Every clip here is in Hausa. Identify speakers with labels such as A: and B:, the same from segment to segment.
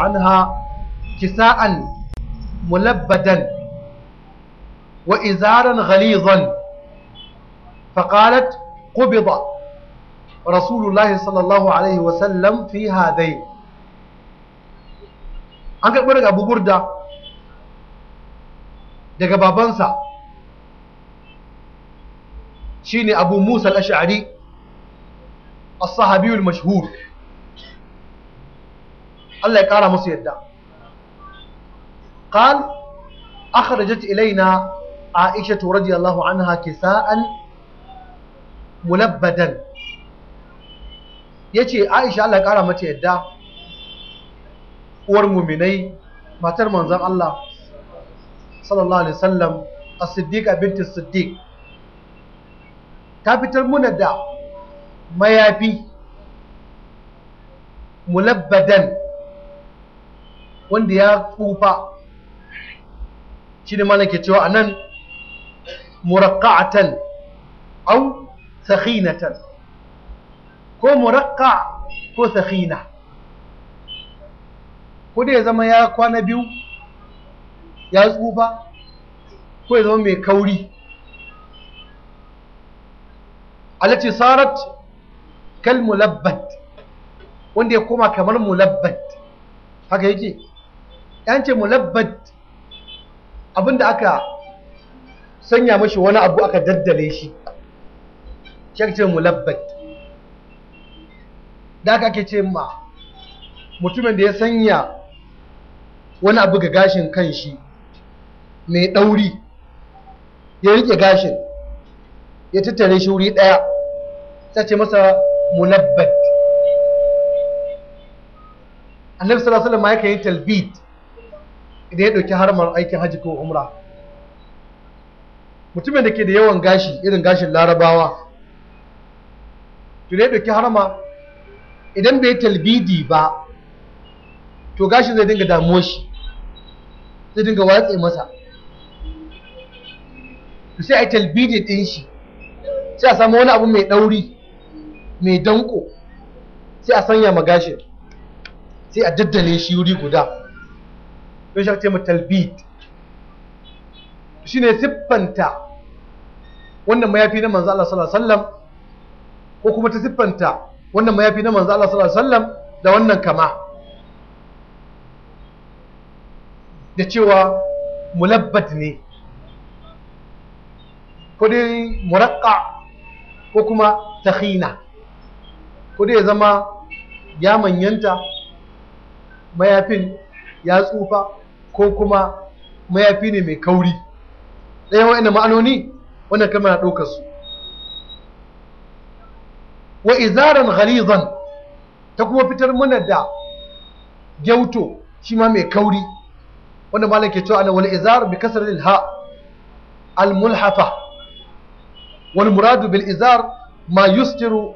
A: عنها كساء ملبدا وإزارا غليظا فقالت قبض رسول الله صلى الله عليه وسلم في هذين an karɓi daga abu burda daga babansa shine abu musa al-ash'ari as-sahabiyul mashhur Allah ya kara musu yadda qal akhrajat ilaina aisha radiyallahu anha sa'an mulabbadan yace aisha Allah ya kara mata yadda uwar muminai matar manzon Allah sallallahu alaihi wasallam as-siddiqa binti ta fitar muna da mayafi mulabbadan wanda ya tsufa shi ne mana ke cewa a nan murakka'atan au sakhinatan ko murakka ko sakhina ko da ya zama ya kwana biyu ya tsufa ko ya zama mai kauri alati sarat kal mulabbat wanda ya koma kamar mulabbat haka yake yance ce mulabbat abinda aka sanya mashi wani abu aka daddare shi shi ce mulabbat da aka ake ce ma mutumin da ya sanya wani abu ga gashin kan shi mai ɗauri ya rike gashin ya tattare shi wuri ɗaya ta ce masa mulabbat annabi sallallahu alaihi wasallam ya yi talbit idan ya ɗauki harmar aikin haji ko umra mutumin da ke da yawan gashi irin gashin larabawa to da ya ɗauki harma idan bai talbidi ba to gashin zai dinga damuwa shi zai dinga watsa masa to sai a talbidi ɗin shi sai a samu wani abu mai ɗauri mai danko sai a sanya ma gashin sai a daddale shi wuri guda to shi ake mu talbid shine siffanta wannan mayafi na manzo Allah sallallahu alaihi wasallam ko kuma ta siffanta wannan mayafi na manzo Allah sallallahu alaihi wasallam da wannan kama da cewa mulabbat ne ko dai muraqqa ko kuma takhina ko dai ya zama ya manyanta mayafin ya tsufa ko kuma mayafi ne mai kauri ɗayan wa'annan ma'anoni wannan kama na ɗaukar su wa izaran ghalizan ta kuma fitar mana da gyauto shi ma mai kauri wanda malam ke cewa ana wal izar bi kasratil ha al mulhafa wal muradu bil izar ma yustiru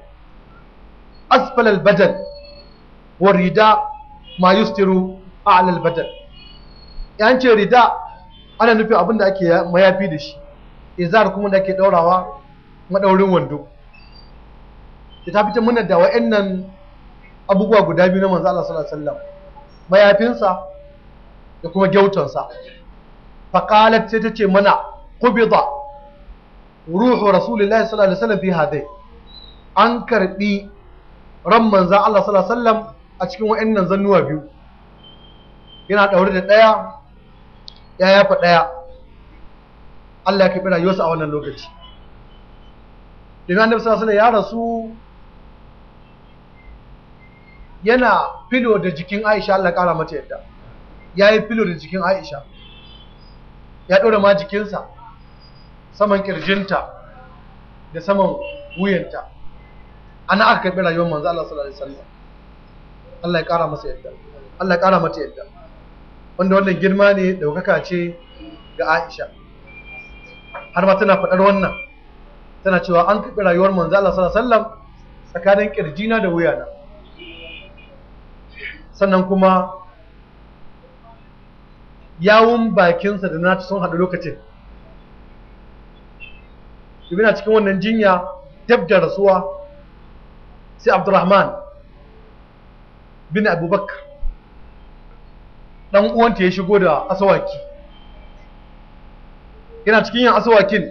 A: asfal al Badal. rida ma yustiru a'la al yan rida ana nufin abin da ake mayafi da shi izar kuma da ke daurawa madaurin wando da ta fitar mana da wa'annan abubuwa guda biyu na manzo Allah sallallahu alaihi wasallam mayafinsa da kuma gyautansa qalat sai ta ce mana qubida ruhu rasulullahi sallallahu alaihi wasallam fi hadai an karbi ran manzo Allah sallallahu alaihi wasallam a cikin wa'annan zannuwa biyu yana daure da daya ya yafa ɗaya Allah ya kaɓi rayuwarsa a wannan lokaci domin annabi sallallahu alaihi ya rasu yana filo da jikin Aisha Allah ƙara mata yadda ya yi filo da jikin Aisha ya ɗora ma jikinsa saman ƙirjinta da saman wuyanta ana aka karɓi rayuwar manzo Allah sallallahu alaihi wasallam Allah ya ƙara masa yadda Allah ya ƙara mata yadda wanda wannan girma ne daukaka ce ga Aisha har ma tana faɗar wannan tana cewa an kaɓi rayuwar manzo Allah sallallahu alaihi wasallam tsakanin kirjina da wuyana sannan kuma yawun bakinsa da na nata sun haɗu lokacin na cikin wannan jinya dab da rasuwa sai abdurrahman bin abubakar dan uwanta ya shigo da asawaki yana cikin yin asawakin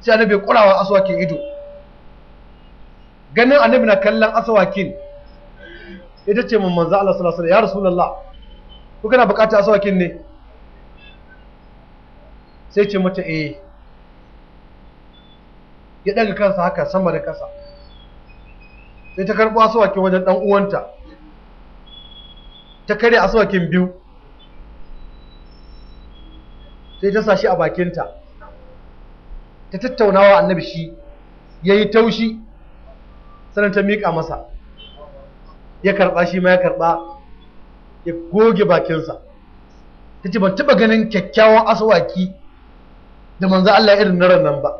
A: sai annabi ya kurawa asawakin ido ganin annabi na kallon asawakin ita ce mun manzo Allah sallallahu alaihi wasallam ya rasulullah ko kana bukata asawakin ne sai ce mata eh ya daga kansa haka sama da kasa sai ta karbo asawakin wajen dan uwanta ta karya asawakin biyu sai ta sa shi a bakinta ta tattauna wa annabi shi ya yi taushi sannan ta miƙa masa ya karɓa shi ma ya karɓa ya goge bakinsa ta ce ban taɓa ganin kyakkyawan asuwaki da manzo Allah irin na nan ba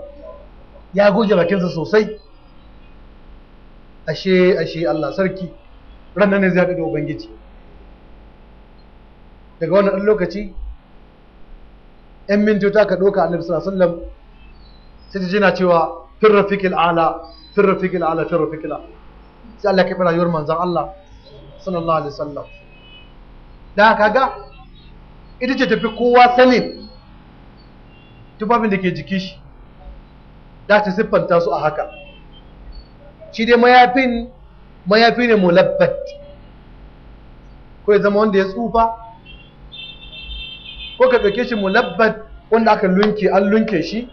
A: ya goge bakinsa sosai ashe ashe Allah sarki ran ne zai haɗu da ubangiji daga wannan lokaci 'yan mintota ka ɗauka annabi sallallahu alaihi wasallam sai ta jina cewa firrafikil ala firrafikil ala firrafikil sai Allah ya kafa rayuwar manzon Allah sallallahu alaihi wasallam da kaga ita ce tafi kowa sanin tufafin da ke jiki shi da ta siffanta su a haka shi dai mayafin mayafi ne mulabbat ko ya zama wanda ya tsufa ko ka ɗauke shi mulabbat wanda aka lunke an lunke shi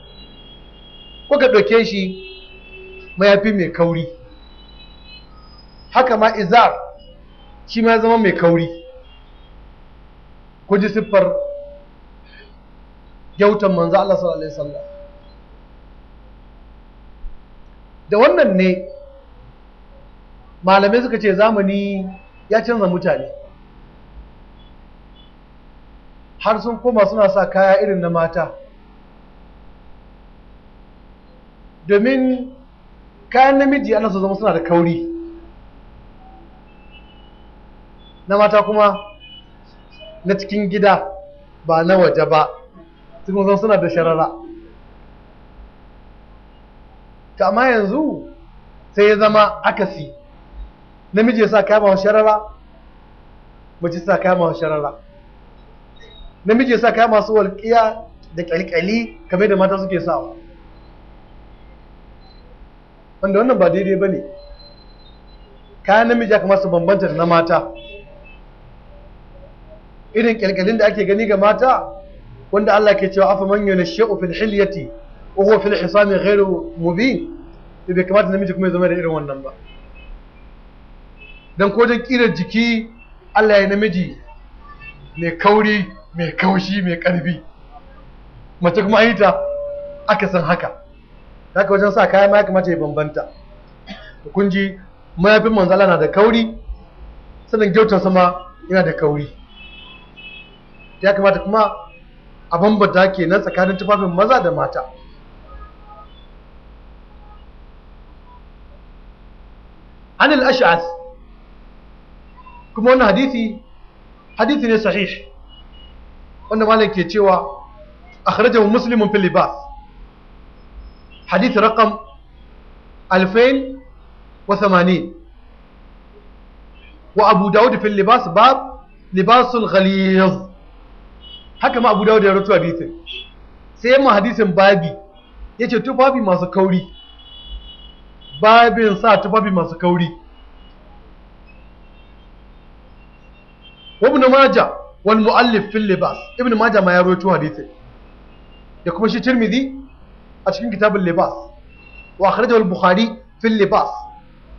A: ko ka ɗauke shi mayafi mai kauri haka ma izar shi ma ya zama mai kauri ku ji siffar gyautan manzo Allah sallallahu alaihi wasallam da wannan ne malamai suka ce zamani ya canza mutane har sun koma suna sa kaya irin na mata domin kayan namiji ana su zama suna da kauri na mata kuma na cikin gida ba na waje ba sun zama suna da sharara ta amma yanzu sai ya zama akasi namiji ya sa kama sharara mace sa kama sharara namiji sa kaya masu walƙiya da ƙyalƙyali kamar da mata suke sawa wanda wannan ba daidai ba ne kayan namiji ya kamata su bambanta da na mata irin ƙyalƙyalin da ake gani ga mata wanda Allah ke cewa afa man shi'u fil hilyati wa huwa fil hisam ghairu mubin idan kamata namiji kuma ya zama da irin wannan ba dan ko dan kirar jiki Allah ya namiji mai kauri mai kaushi mai karfi mace kuma ita aka san haka haka wajen sa kayan ma ya kamata ya bambanta kun ji mayafin manzala na da kauri sannan gyautar sama yana da kauri ya kamata kuma a bambanta ke nan tsakanin tufafin maza da mata anil ashas kuma wannan hadisi hadisi ne sahih wanda malam ke cewa akhrajahu muslimun fil libas hadith raqam 2080 wa abu daud fil libas bab libasul ghaliz haka ma abu daud ya rawaito hadisin sai yamma hadisin babi ya ce tufafi masu kauri babin sa tufafi masu kauri na majah wal mu'allif fil libas ibn majah ma ya rawaito hadisi da kuma shi tirmidhi a cikin kitabul libas wa akhrajahu al bukhari fil libas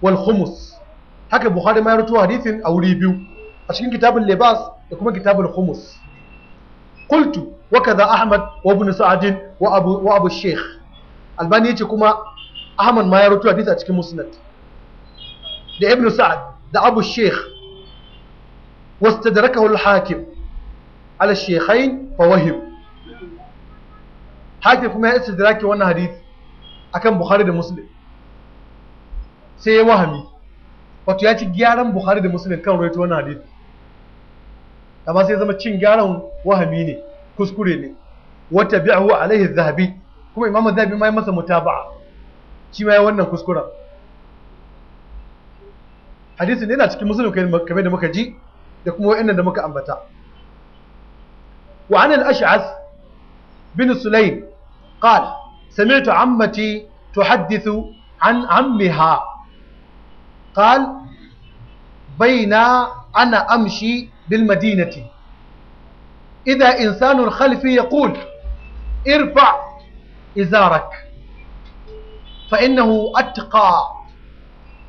A: wal khumus haka bukhari ma ya rawaito hadisin a wuri biyu a cikin kitabul libas da kuma kitabul khumus qultu wa kaza ahmad wa ibn sa'd wa abu wa abu shaykh albani yace kuma ahmad ma ya rawaito hadisi a cikin musnad da ibn sa'd da abu shaykh واستدركه الحاكم ala shekhain fa wahim haka kuma ya istidraki wannan hadisi akan bukhari da muslim sai ya wahami wato ya ci gyaran bukhari da muslim kan rawaito wannan hadisi amma sai ya zama cin gyaran wahami ne kuskure ne wata bi'ahu alaihi zahabi kuma imamu zahabi ma yi masa mutaba'a shi ma ya wannan kuskuren hadisin yana cikin musulun kamar da muka ji da kuma wa'annan da muka ambata وعن الأشعث بن سليم قال سمعت عمتي تحدث عن عمها قال بين أنا أمشي بالمدينة إذا إنسان خلفي يقول ارفع إزارك فإنه أتقى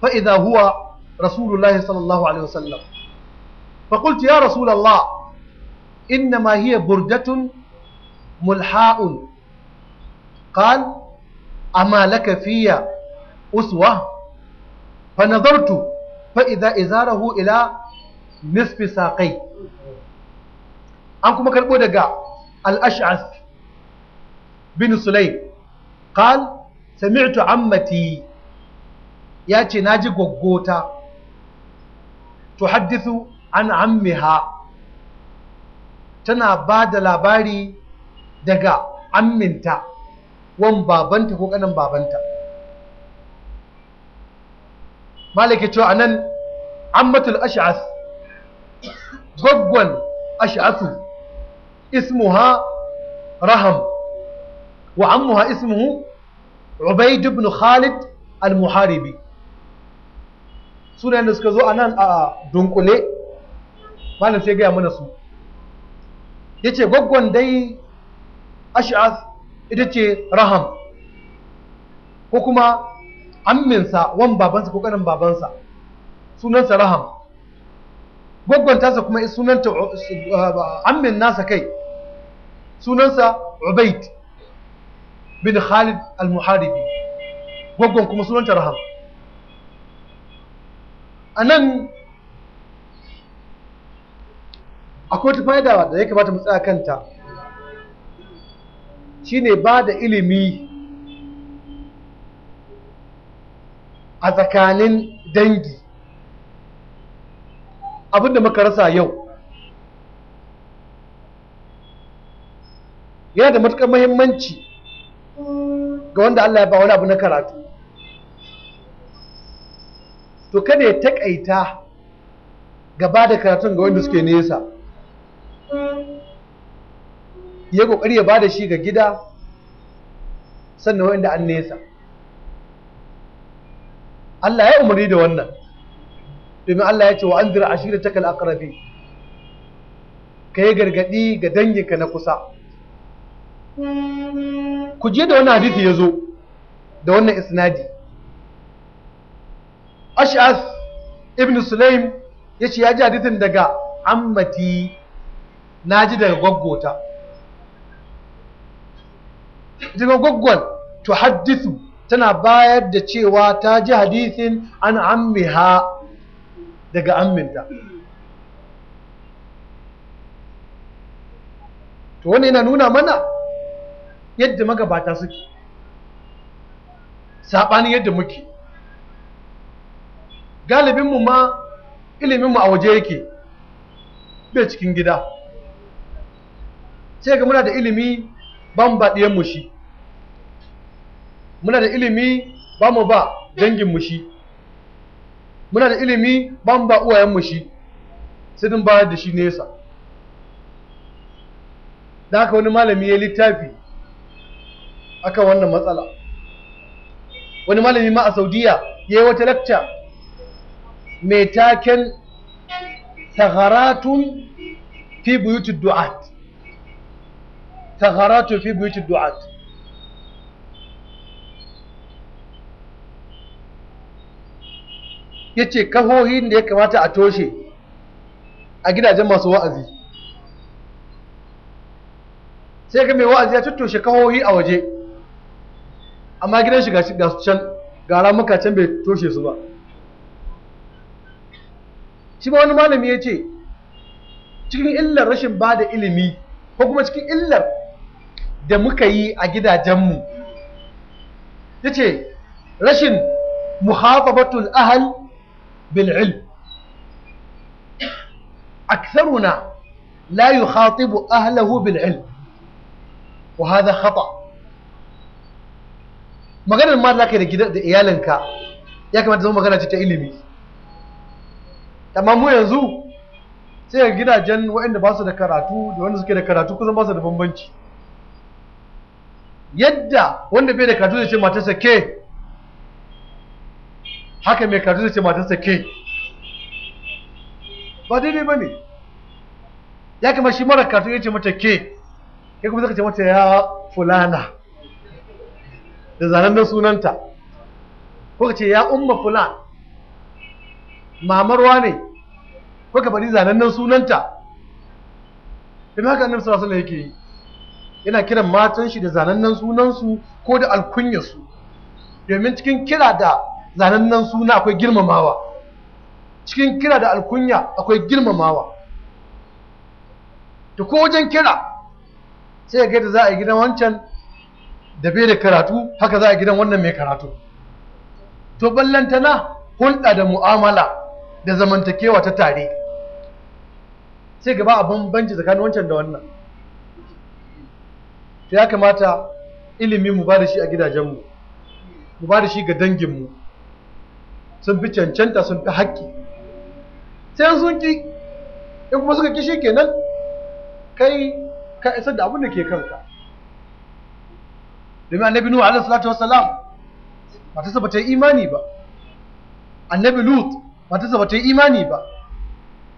A: فإذا هو رسول الله صلى الله عليه وسلم فقلت يا رسول الله إنما هي بردة ملحاء قال أما لك في أسوة فنظرت فإذا إزاره إلى نصف ساقي أنكم كربو دقاء الأشعث بن سليم قال سمعت عمتي ياتي ناجي غوغوتا تحدث عن عمها tana ba da labari daga aminta wan babanta ko kanan babanta malaki cewa anan ammatul ash'as gwaggwan ash'asu ismuha raham wa ammuha ismuhu ubaid ibn khalid al-muharibi sunayen da suka zo anan a dunkule malam sai gaya mana su ya ce gwaggon dai ash'as ita ce raham ko kuma amminsa wan babansa ko kanin babansa sunansa raham gwaggon tasa kuma sunanta uh, uh, ammin nasa kai sunansa ubaid bin khalid al-muharibi gwaggon kuma sunanta raham a nan akwai wata fa'ida da ya kamata mu tsaya kanta shine ba da ilimi a tsakanin dangi abinda muka rasa yau yana da matuƙar mahimmanci ga wanda Allah ya ba wani abu na karatu to kada ya taƙaita gaba da karatun ga wanda suke nesa ya kokari ya bada shi ga gida sannan wanda an nesa Allah ya umarni da wannan domin Allah ya ce wa an zira ashirin takal akarabi ka yi ga danginka na kusa ku je da wannan hadithi ya zo da wannan isnadi ash'as ibn sulaim ya ce ya ji hadithin daga ammati na ji daga gwaggota daga goggon, to haddisu tana bayar da cewa ta ji hadisin an ammiha daga amminta to wani yana nuna mana yadda magabata suke saɓanin yadda muke galibinmu ma iliminmu a waje yake bai cikin gida sai ga muna da ilimi ban mu shi muna da ilimi ba mu ba danginmu shi muna da ilimi ba mu ba shi sai dun bayar da shi nesa da wani malami ya littafi aka wannan matsala wani malami ma a saudiya ya yi wata lacca mai taken sagaratun fi buyutu du'at taharatu في بيوت الدعاة yace kahohin da ya kamata a toshe a gidajen masu wa'azi sai ga mai wa'azi ya tattoshe kahohi a waje amma gidan shi ga su can gara muka can bai toshe su ba shi ba wani malami ya ce cikin illar rashin ba da ilimi ko kuma cikin illar da muka yi a gidajenmu ya ce rashin muhafabatul ahal bil'il aksaruna la yukhatibu ahalahu bil'il wa hadha khata maganar ma da aka yi da iyalinka ya kamata zama magana ce ta ilimi amma mu yanzu sai ga gidajen waɗanda ba su da karatu da wanda suke da karatu kusan ba su da bambanci yadda wanda bai da karatu zai ce matarsa ke haka mai karatu zai ce matarsa ke ba daidai ba ne ya kama shi mara karatu ya ce mata ke ya kuma zaka ce mata ya fulana da zanen na sunanta ko ka ce ya umma fulan mamarwa ne ko ka faɗi zanen nan sunanta ina ka annabi sallallahu alaihi wasallam yake yi yana kiran matan shi da zanannen sunansu ko da alkunyarsu domin cikin kira da zanannan suna akwai girmamawa cikin kira da alkunya akwai girmamawa da ko wajen kira sai ga da za a yi gidan wancan da bai da karatu haka za a gidan wannan mai karatu to ballantana hulɗa da mu'amala da zamantakewa ta tare sai gaba a bambanci tsakanin wancan da wannan to ya kamata ilimi mu ba da shi a gidajenmu mu ba da shi ga danginmu sun fi cancanta sun fi haƙƙi sai sun ƙi in kuma suka ƙi shi kenan kai ka isar da abin da ke kanka domin annabi nuhu alaihi salatu wassalam ba ta yi imani ba annabi lut ba ta yi imani ba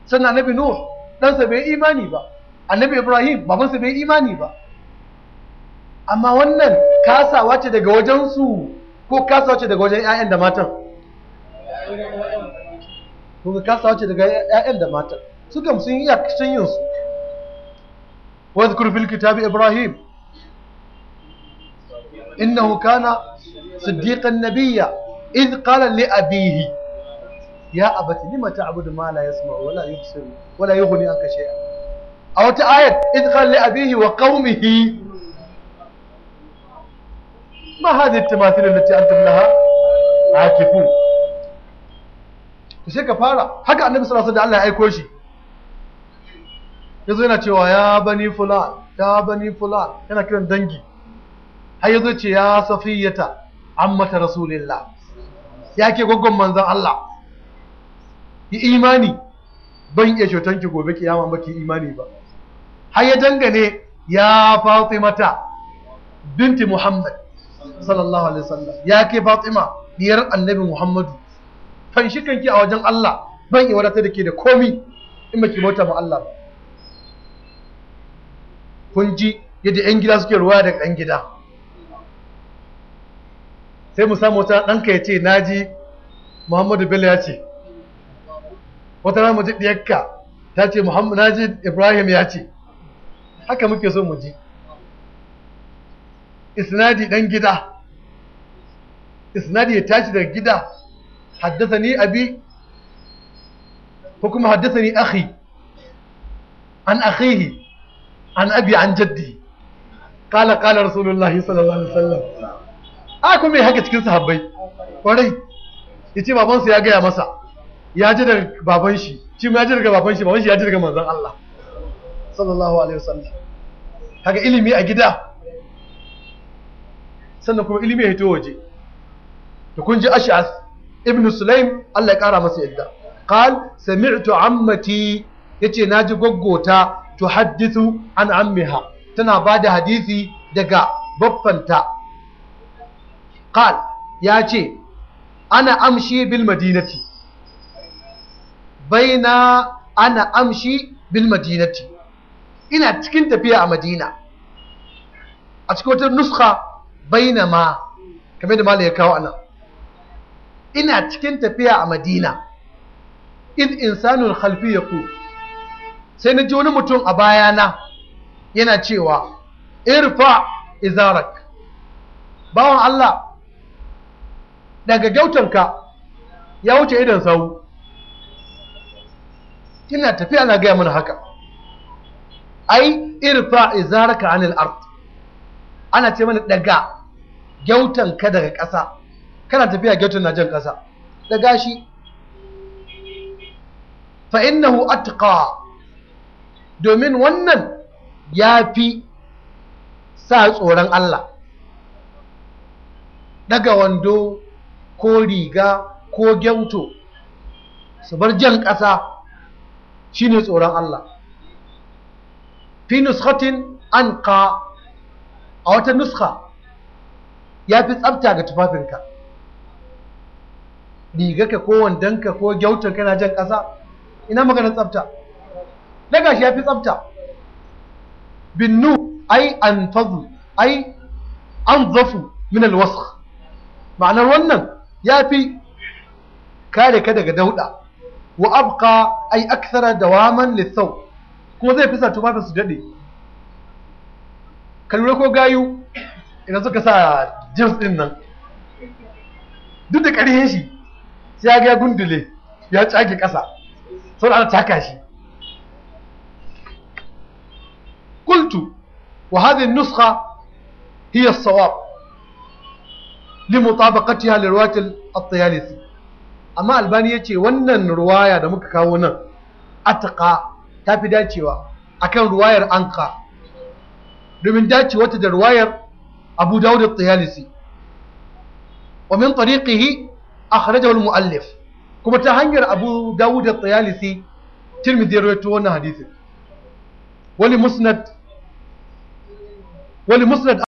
A: sannan annabi nuhu ɗansa bai yi imani ba annabi ibrahim babansa bai yi imani ba amma wannan kasawa ce daga wajensu ko kasawa ce daga wajen 'ya'yan da matan kuma kasawa ce daga 'ya'yan da matan sukan sun yi yakashin yin su wadda kurfin kitabi ibrahim innahu kana siddiqan nabiyya idh qala li ya abati lima ta'budu ma la yasma'u wa la yubsiru a wata ayat idh qala li wa qaumihi ma hadhihi tamathil allati antum laha akifun to ka fara haka annabi sallallahu alaihi wasallam Allah ya aiko shi yazo yana cewa ya bani fulan ya bani fulan yana kiran dangi har yazo ce ya safiyata ammata rasulillah ya ke goggon manzon Allah yi imani ban iya ki gobe kiyama ba ki imani ba har ya dangane ya mata, binti muhammad sallallahu alaihi wasallam ya ke fatima diyar annabi muhammadu kan shi kanki a wajen allah ban yi wadatar da ke da komi in baki bauta ma allah ba kun ji yadda yan gida suke ruwa daga ɗan gida sai mu samu wata ɗanka ya ce na ji muhammadu bello ya ce wata rana mu ji ɗiyarka ta ce na ji ibrahim ya ce haka muke so mu ji isnadi dan gida isnadi ya tashi daga gida haddathani abi ko kuma haddathani akhi an akhihi an abi an jaddi qala qala rasulullahi sallallahu alaihi wasallam a kuma haka cikin sahabbai kwarai yace babansu ya gaya masa ya ji daga baban shi ci ma ya ji daga baban shi baban shi ya ji daga manzon Allah sallallahu alaihi wasallam Haka ilimi a gida sannan kuma ilimi ya waje da kun ji ash'as ibn sulaim Allah ya kara masa yadda qal sami'tu ammati yace naji goggota hadithu an ammiha tana bada hadisi daga baffanta qal ce ana amshi bil madinati baina ana amshi bil madinati ina cikin tafiya a madina a cikin wata nuskha bainama kamar da malai ya kawo anan ina cikin tafiya a madina in insanul khalfi ya ku sai na ji wani mutum a bayana yana cewa irfa izarak bawan Allah daga gautanka ya wuce idan sau ina tafiya na gaya mana haka ai irfa izarak anil ard ana ce mana daga gyautan ka daga ƙasa kana tafiya gyautan na jan ƙasa da gashi fa innahu atqa domin wannan ya fi sa tsoron Allah daga wando ko riga ko gyauto su bar jan ƙasa shine tsoron Allah fi an ka a wata nuska. ya fi tsafta ga tufafinka rigarka ko wandonka ko gyautar kana jan ƙasa ina maganar tsafta na gashi ya fi tsafta binnu ai an fazu ai an zafu min alwasu ma'anar wannan ya fi kare ka daga dauɗa. wa abqa ai da waman lissau. kuma zai fi sa tufafin su daɗe ka lura ko gayu ina suka sa jeans din nan duk da ƙarfin shi sai ya ga gundule ya tsage ƙasa sau ana taka shi kultu wa hadhihi nuskha hiya as-sawab li mutabaqatiha li riwayat at-tayalisi amma albani yace wannan ruwaya da muka kawo nan atqa tafi dacewa akan ruwayar anka domin dacewa ta da ruwayar أبو داود الطيالسي ومن طريقه أخرجه المؤلف كما تهنجر أبو داود الطيالسي ترمذي رويته حديثه ولمسند ولمسند